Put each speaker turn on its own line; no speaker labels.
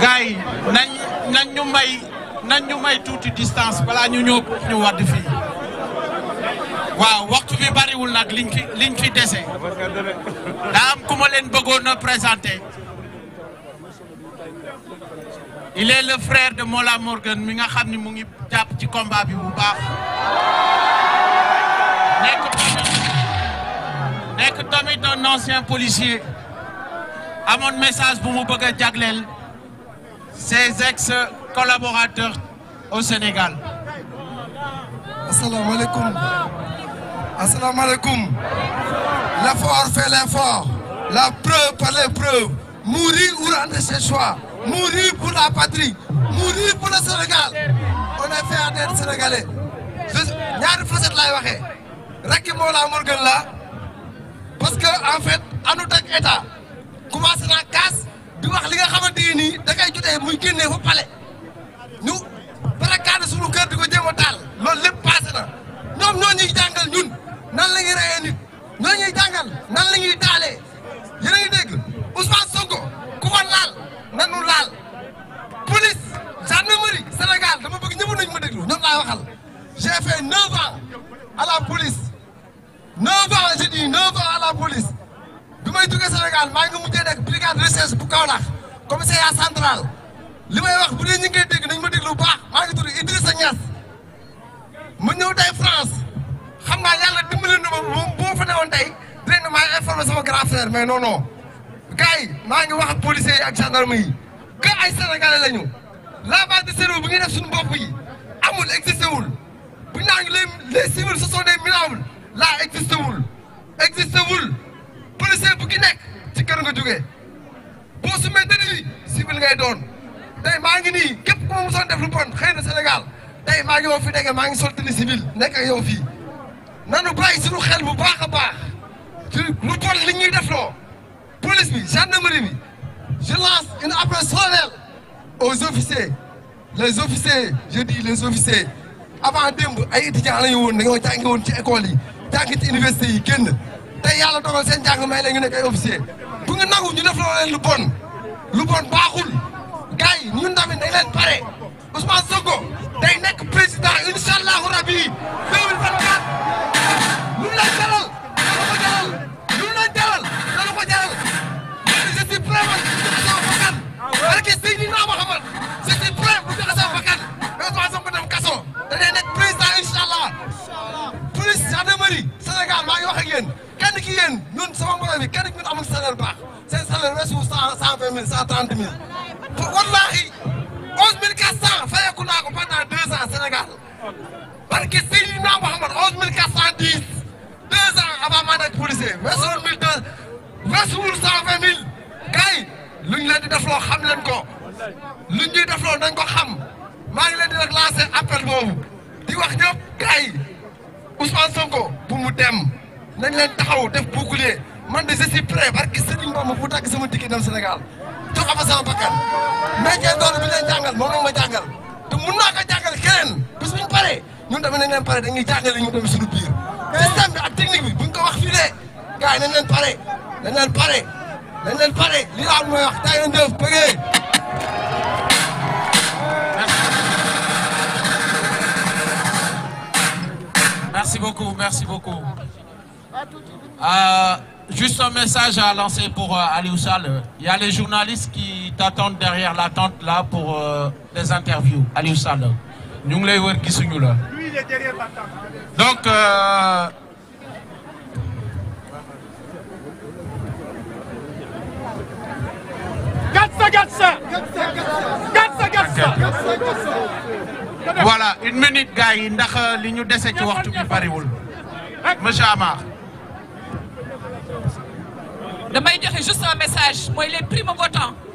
gars yi nañ nañ ñu may nañ distance balaa ñu ñëw wadd fii waaw waxtu bi bariwul nag liñ fi liñ fi dese daa am ku ma leen bëggoon a il est le frère de Mola Morgan mi nga xam ni mu ngi jàpp ci combat bi bu baax nekk tamit ancien policier amoon message bu mu bëgg a jagleel ses ex collaborateurs au Sénégal.
asalaamaaleykum asalaamaaleykum l'effort fait l'effort la preuve par les preuves mourir ou ses choix mourir pour la patrie mourir pour le Sénégal on est fiers d'être sénégalais ñaari facette laay rekk moo la Morgan la parce que en fait àndut ak état. commencé naa kaas di wax li nga xamante ne nii da ngay jotee muy génnee fa pale ñu barakaane suñu kër di ko jéem a lépp passé na ñoom ñoo ñuy jàngal ñun nan la ñuy reyee nit ñoo ñuy jàngal nan la ñuy taalee yéen a dégg Ousmane Sonko ku ko laal nanu laal police gendarmerie Sénégal dama bëgg ñëpp nañu ma déglu ñoom laay waxal j'ai fait neuf ans à la police neuf ans j'ai dit neuf ans à bi may jógee Sénégal maa ngi mujj nag brigade recherche bu Kaolack commissariat central li may wax bu dee ñu ngi koy dégg ma déglu bu baax maa ngi tudd Idrissa Niass ma ñëw tey France xam naa yàlla dimbali na ma moom boo fa newoon tey dinañ ma informé sama grand frère mais non non maa ngi wax ak yi ak gendarme yi que ay sénégalais lañu lavage de cerveau bi ngi def suñu bopp amul existé wul bu ñu naan les les civils ce sont des wul existé wul policier bu ki kër nga jógee boo sumee dënnu bi civil ngay doon tey maa ngi nii ku ma mosoon def lu bon xëy na Sénégal tey maa ngi woo fi maa ngi sol tenue civil nekk ak yow fii nanu bàyyi suñu xel bu baax a baax ci lu li ñuy def loo police bi gendarmerie bi je lance une appel solennel aux officiers les officiers je dis les officiers avant démb ay étudiants la ñu woon dañoo jàngi woon ci école yi jàngi ci université yi génn tey yàlla dogal seen jàng may la ñu nekk ay bu ñu nangu ñu def loo leen lu bon baaxul gars yi ñun tamit dañ leen pare Ousmane day nekk président incha allahu amul salaire baax seen salaire weesuwul cent cent vingt ko pendant deux ans Sénégal parce que Seydina Mohamed onze mille quatre cent dix deux ans avant ma nekk kay luñ leen di defloo xam leen ko luñ ñuy defloo nañ ko xam maa ngi leen di rek lancer di wax ñëpp kay Ousmane Sonko bu mu dem nañ leen taxaw def bouclier. man de je suis prêt barki Serigne Bamba bu tàgg sama ticket dem Sénégal jox a fa sama bakkan métier doole bi ñu leen jàngal moom ma jàngal te mun naa ko jàngal keneen bis bu ñu paree ñun tamit nañ leen pare dañuy jàngale ñu dem suñu biir. système bi ak technique bi buñ ko wax fii de gars yi pare dañ leen pare li la mooy wax daa leen
def bëggee. merci beaucoup Euh, juste un message à lancer pour euh, Aliou Sall. Il y a les journalistes qui t'attendent derrière la tente là pour euh, les interviews. Aliou Sall. ñu ngi lay wër gisuñu la. donc. Euh,
gatsa gatsa. Gatsa gatsa.
voilà une minute gars yi ndax euh, li ñu dese ci waxtu bi bariwul. monsieur Amar. damay joxe juste un message mooy les primo votants